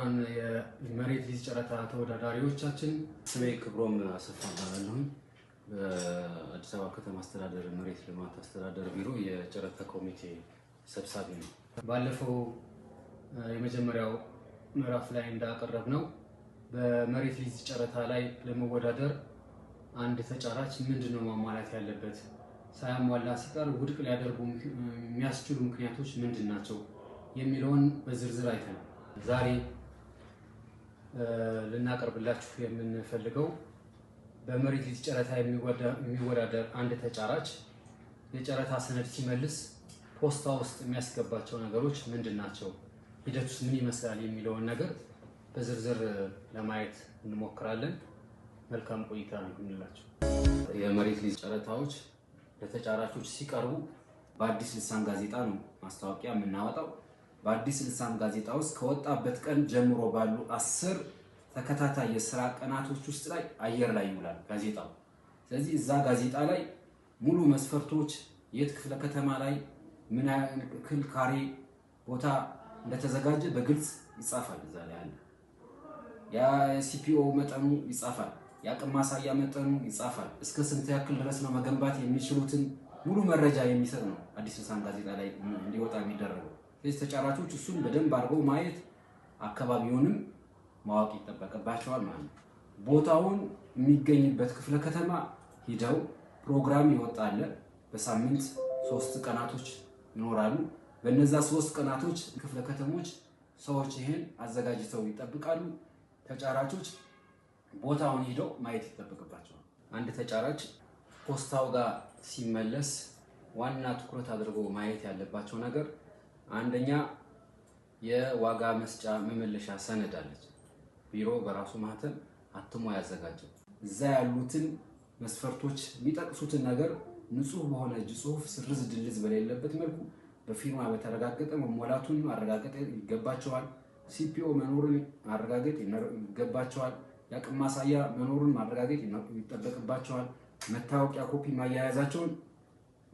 ክቡራን የመሬት ሊዝ ጨረታ ተወዳዳሪዎቻችን፣ ስሜ ክብሮም አሰፋ እባላለሁኝ። በአዲስ አበባ ከተማ አስተዳደር መሬት ልማት አስተዳደር ቢሮ የጨረታ ኮሚቴ ሰብሳቢ ነው። ባለፈው የመጀመሪያው ምዕራፍ ላይ እንዳቀረብ ነው በመሬት ሊዝ ጨረታ ላይ ለመወዳደር አንድ ተጫራች ምንድን ነው ማሟላት ያለበት፣ ሳያሟላ ሲቀር ውድቅ ሊያደርጉ የሚያስችሉ ምክንያቶች ምንድን ናቸው የሚለውን በዝርዝር አይተናል። ዛሬ ልናቀርብላችሁ የምንፈልገው በመሬት ሊዝ ጨረታ የሚወዳደር አንድ ተጫራች የጨረታ ሰነድ ሲመልስ ፖስታ ውስጥ የሚያስገባቸው ነገሮች ምንድን ናቸው፣ ሂደቱስ ምን ይመስላል የሚለውን ነገር በዝርዝር ለማየት እንሞክራለን። መልካም ቆይታ ይሁንላቸው። የመሬት ሊዝ ጨረታዎች ለተጫራቾች ሲቀርቡ በአዲስ ልሳን ጋዜጣ ነው ማስታወቂያ የምናወጣው። በአዲስ ልሳን ጋዜጣ ውስጥ ከወጣበት ቀን ጀምሮ ባሉ አስር ተከታታይ የስራ ቀናቶች ውስጥ ላይ አየር ላይ ይውላል ጋዜጣው። ስለዚህ እዛ ጋዜጣ ላይ ሙሉ መስፈርቶች፣ የት ክፍለ ከተማ ላይ ምን ያክል ካሬ ቦታ እንደተዘጋጀ በግልጽ ይጻፋል። እዛ ላይ አለ። የሲፒኦ መጠኑ ይጻፋል። የአቅም ማሳያ መጠኑ ይጻፋል። እስከ ስንት ያክል ድረስ ነው መገንባት የሚችሉትን ሙሉ መረጃ የሚሰጥ ነው አዲስ ልሳን ጋዜጣ ላይ እንዲወጣ የሚደረገው። ስለዚህ ተጫራቾች እሱን በደንብ አድርገው ማየት አካባቢውንም ማወቅ ይጠበቅባቸዋል ማለት ነው። ቦታውን የሚገኝበት ክፍለ ከተማ ሂደው ፕሮግራም ይወጣል። በሳምንት ሶስት ቀናቶች ይኖራሉ። በነዛ ሶስት ቀናቶች ክፍለ ከተሞች ሰዎች ይህን አዘጋጅተው ይጠብቃሉ። ተጫራቾች ቦታውን ሂደው ማየት ይጠበቅባቸዋል። አንድ ተጫራች ፖስታው ጋር ሲመለስ ዋና ትኩረት አድርጎ ማየት ያለባቸው ነገር አንደኛ የዋጋ መስጫ መመለሻ ሰነድ አለች። ቢሮ በራሱ ማህተም አትሞ ያዘጋጀው እዛ ያሉትን መስፈርቶች የሚጠቅሱትን ነገር ንጹህ በሆነ እጅ ጽሁፍ ስርዝ ድልዝ በሌለበት መልኩ በፊርማ በተረጋገጠ መሞላቱን ማረጋገጥ ይገባቸዋል። ሲፒኦ መኖሩን ማረጋገጥ ይገባቸዋል። የአቅም ማሳያ መኖሩን ማረጋገጥ ይጠበቅባቸዋል። መታወቂያ ኮፒ ማያያዛቸውን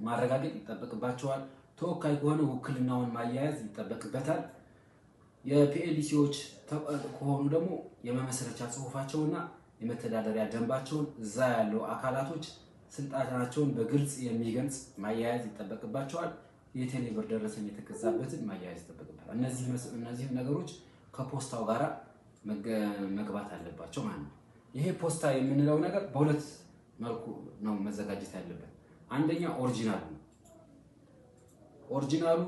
ማረጋገጥ ይጠበቅባቸዋል። ተወካይ ከሆነ ውክልናውን ማያያዝ ይጠበቅበታል። የፒኤልሲዎች ከሆኑ ደግሞ የመመስረቻ ጽሁፋቸውና የመተዳደሪያ ደንባቸውን እዛ ያለው አካላቶች ስልጣናቸውን በግልጽ የሚገልጽ ማያያዝ ይጠበቅባቸዋል። የቴሌብር ደረሰኝ የተገዛበትን ማያያዝ ይጠበቅበታል። እነዚህም ነገሮች ከፖስታው ጋር መግባት አለባቸው ማለት ነው። ይሄ ፖስታ የምንለው ነገር በሁለት መልኩ ነው መዘጋጀት ያለበት። አንደኛ ኦሪጂናል ነው። ኦሪጂናሉ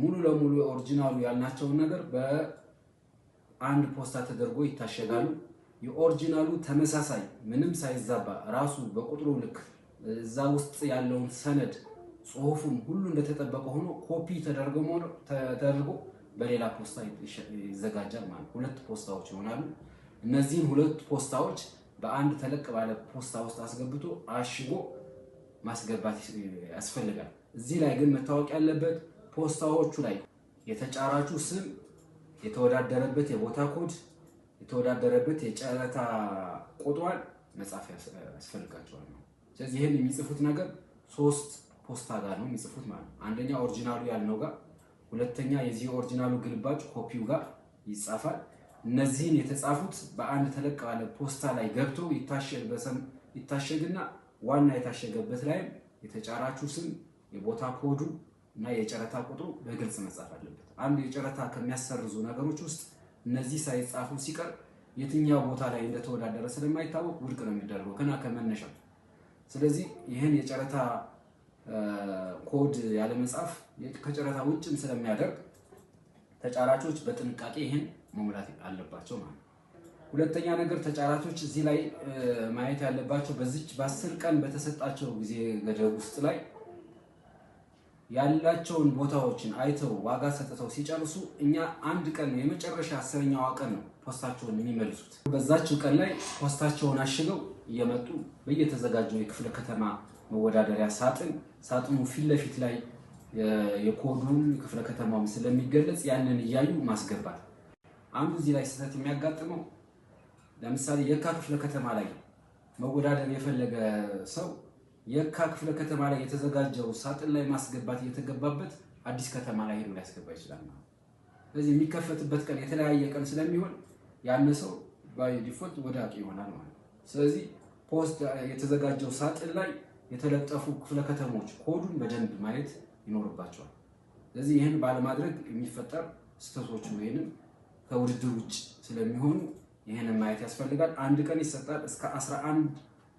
ሙሉ ለሙሉ ኦሪጂናሉ ያልናቸውን ነገር በአንድ ፖስታ ተደርጎ ይታሸጋሉ። የኦሪጂናሉ ተመሳሳይ ምንም ሳይዛባ ራሱ በቁጥሩ ልክ እዛ ውስጥ ያለውን ሰነድ ጽሁፉም ሁሉ እንደተጠበቀ ሆኖ ኮፒ ተደርጎ በሌላ ፖስታ ይዘጋጃል ማለት ሁለት ፖስታዎች ይሆናሉ። እነዚህን ሁለት ፖስታዎች በአንድ ተለቅ ባለ ፖስታ ውስጥ አስገብቶ አሽጎ ማስገባት ያስፈልጋል። እዚህ ላይ ግን መታወቅ ያለበት ፖስታዎቹ ላይ የተጫራቹ ስም፣ የተወዳደረበት የቦታ ኮድ፣ የተወዳደረበት የጨረታ ቁጥሯን መጻፍ ያስፈልጋቸዋል ነው። ስለዚህ ይህን የሚጽፉት ነገር ሶስት ፖስታ ጋር ነው የሚጽፉት ማለት ነው። አንደኛ ኦሪጂናሉ ያልነው ጋር፣ ሁለተኛ የዚህ ኦሪጂናሉ ግልባጭ ኮፒው ጋር ይጻፋል። እነዚህን የተጻፉት በአንድ ተለቅ ባለ ፖስታ ላይ ገብቶ ይታሸግ በሰም ይታሸግና ዋና የታሸገበት ላይም የተጫራቹ ስም የቦታ ኮዱ እና የጨረታ ቁጥሩ በግልጽ መጻፍ አለበት። አንድ የጨረታ ከሚያሰርዙ ነገሮች ውስጥ እነዚህ ሳይጻፉ ሲቀር የትኛው ቦታ ላይ እንደተወዳደረ ስለማይታወቅ ውድቅ ነው የሚደረገው ገና ከመነሻ። ስለዚህ ይህን የጨረታ ኮድ ያለመጻፍ ከጨረታ ውጭም ስለሚያደርግ ተጫራቾች በጥንቃቄ ይህን መሙላት አለባቸው ማለት ነው። ሁለተኛ ነገር ተጫራቾች እዚህ ላይ ማየት ያለባቸው በዚች በአስር ቀን በተሰጣቸው ጊዜ ገደብ ውስጥ ላይ ያላቸውን ቦታዎችን አይተው ዋጋ ሰጥተው ሲጨርሱ እኛ አንድ ቀን ነው የመጨረሻ አስረኛዋ ቀን ነው ፖስታቸውን የሚመልሱት። በዛችው ቀን ላይ ፖስታቸውን አሽገው እየመጡ በየተዘጋጀው የክፍለ ከተማ መወዳደሪያ ሳጥን ሳጥኑ ፊት ለፊት ላይ የኮዱን ክፍለ ከተማውም ስለሚገለጽ ያንን እያዩ ማስገባት። አንዱ እዚህ ላይ ስህተት የሚያጋጥመው ለምሳሌ የካ ክፍለ ከተማ ላይ መወዳደር የፈለገ ሰው የካ ክፍለ ከተማ ላይ የተዘጋጀው ሳጥን ላይ ማስገባት እየተገባበት አዲስ ከተማ ላይ ሄዶ ሊያስገባ ይችላል ማለት ነው። ስለዚህ የሚከፈትበት ቀን የተለያየ ቀን ስለሚሆን ያን ሰው ባይ ዲፎልት ወደ አቂ ይሆናል ማለት ነው። ስለዚህ ፖስት የተዘጋጀው ሳጥን ላይ የተለጠፉ ክፍለ ከተሞች ኮዱን በደንብ ማየት ይኖርባቸዋል። ስለዚህ ይህን ባለማድረግ የሚፈጠር ስህተቶች ወይንም ከውድድር ውጭ ስለሚሆኑ ይህንን ማየት ያስፈልጋል። አንድ ቀን ይሰጣል። እስከ 11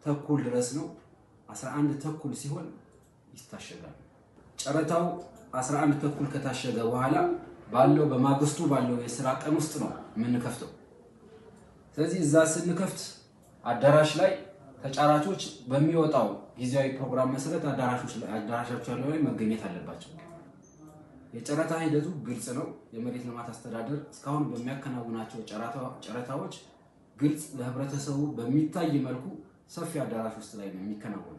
ተኩል ድረስ ነው። 11 ተኩል ሲሆን ይታሸጋል። ጨረታው 11 ተኩል ከታሸገ በኋላ ባለው በማግስቱ ባለው የስራ ቀን ውስጥ ነው የምንከፍተው። ስለዚህ እዛ ስንከፍት አዳራሽ ላይ ተጫራቾች በሚወጣው ጊዜያዊ ፕሮግራም መሰረት አዳራሻቸው ላይ መገኘት አለባቸው። የጨረታ ሂደቱ ግልጽ ነው። የመሬት ልማት አስተዳደር እስካሁን በሚያከናውናቸው ጨረታዎች ግልጽ ለህብረተሰቡ በሚታይ መልኩ ሰፊ አዳራሽ ውስጥ ላይ ነው የሚከናወኑ።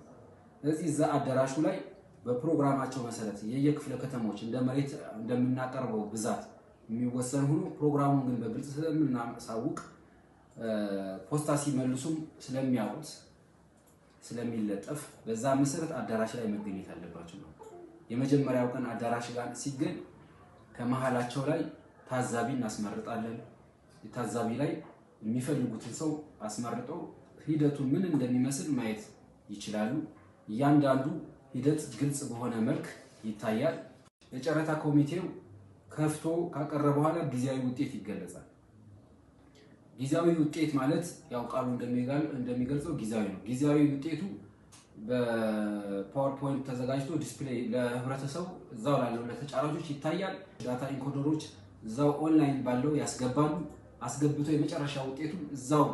ስለዚህ እዛ አዳራሹ ላይ በፕሮግራማቸው መሰረት የየክፍለ ከተሞች እንደ መሬት እንደምናቀርበው ብዛት የሚወሰን ሆኖ ፕሮግራሙን ግን በግልጽ ስለምናሳውቅ ፖስታ ሲመልሱም ስለሚያውቁት ስለሚለጠፍ በዛ መሰረት አዳራሽ ላይ መገኘት አለባቸው ነው። የመጀመሪያው ቀን አዳራሽ ጋር ሲገኝ ከመሀላቸው ላይ ታዛቢ እናስመርጣለን። ታዛቢ ላይ የሚፈልጉትን ሰው አስመርጠው ሂደቱ ምን እንደሚመስል ማየት ይችላሉ። እያንዳንዱ ሂደት ግልጽ በሆነ መልክ ይታያል። የጨረታ ኮሚቴው ከፍቶ ካቀረበ በኋላ ጊዜያዊ ውጤት ይገለጻል። ጊዜያዊ ውጤት ማለት ያው ቃሉ እንደሚገልጸው ጊዜያዊ ነው። ጊዜያዊ ውጤቱ በፓወርፖይንት ተዘጋጅቶ ዲስፕሌይ ለህብረተሰቡ እዛው ላለው ለተጫራቾች ይታያል። ዳታ ኢንኮደሮች እዛው ኦንላይን ባለው ያስገባሉ። አስገብቶ የመጨረሻ ውጤቱ እዛው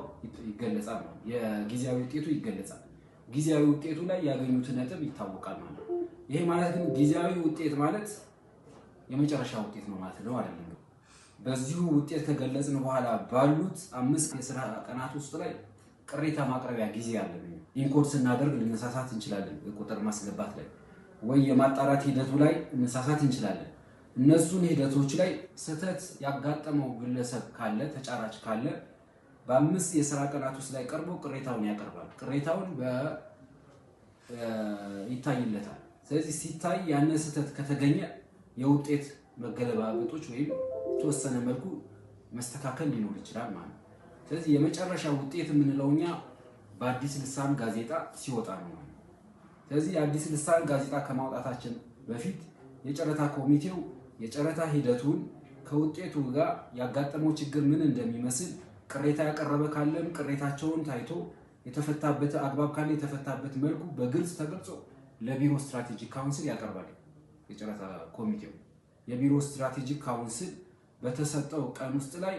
ይገለጻል የጊዜያዊ ውጤቱ ይገለጻል። ጊዜያዊ ውጤቱ ላይ ያገኙት ነጥብ ይታወቃል ማለት ነው። ይሄ ማለት ግን ጊዜያዊ ውጤት ማለት የመጨረሻ ውጤት ነው ማለት ነው አይደለም። በዚሁ ውጤት ከገለጽን በኋላ ባሉት አምስት የስራ ቀናት ውስጥ ላይ ቅሬታ ማቅረቢያ ጊዜ አለ። ኢንኮድ ስናደርግ ልንሳሳት እንችላለን። የቁጥር ማስገባት ላይ ወይ የማጣራት ሂደቱ ላይ እንሳሳት እንችላለን። እነሱን ሂደቶች ላይ ስህተት ያጋጠመው ግለሰብ ካለ ተጫራች ካለ በአምስት የስራ ቀናት ውስጥ ላይ ቀርቦ ቅሬታውን ያቀርባል። ቅሬታውን ይታይለታል። ስለዚህ ሲታይ ያንን ስህተት ከተገኘ የውጤት መገለባበጦች ወይም የተወሰነ መልኩ መስተካከል ሊኖር ይችላል ማለት ነው። ስለዚህ የመጨረሻ ውጤት የምንለው እኛ በአዲስ ልሳን ጋዜጣ ሲወጣ ነው ማለት ስለዚህ የአዲስ ልሳን ጋዜጣ ከማውጣታችን በፊት የጨረታ ኮሚቴው የጨረታ ሂደቱን ከውጤቱ ጋር ያጋጠመው ችግር ምን እንደሚመስል ቅሬታ ያቀረበ ካለም ቅሬታቸውን ታይቶ የተፈታበት አግባብ ካለ የተፈታበት መልኩ በግልጽ ተገልጾ ለቢሮ ስትራቴጂክ ካውንስል ያቀርባል። የጨረታ ኮሚቴው የቢሮ ስትራቴጂክ ካውንስል በተሰጠው ቀን ውስጥ ላይ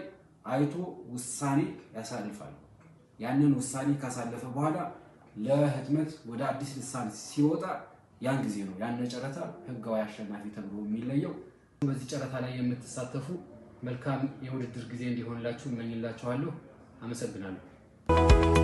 አይቶ ውሳኔ ያሳልፋል። ያንን ውሳኔ ካሳለፈ በኋላ ለህትመት ወደ አዲስ ልሳን ሲወጣ ያን ጊዜ ነው ያን ጨረታ ህጋዊ አሸናፊ ተብሎ የሚለየው። በዚህ ጨረታ ላይ የምትሳተፉ መልካም የውድድር ጊዜ እንዲሆንላችሁ እመኝላችኋለሁ። አመሰግናለሁ።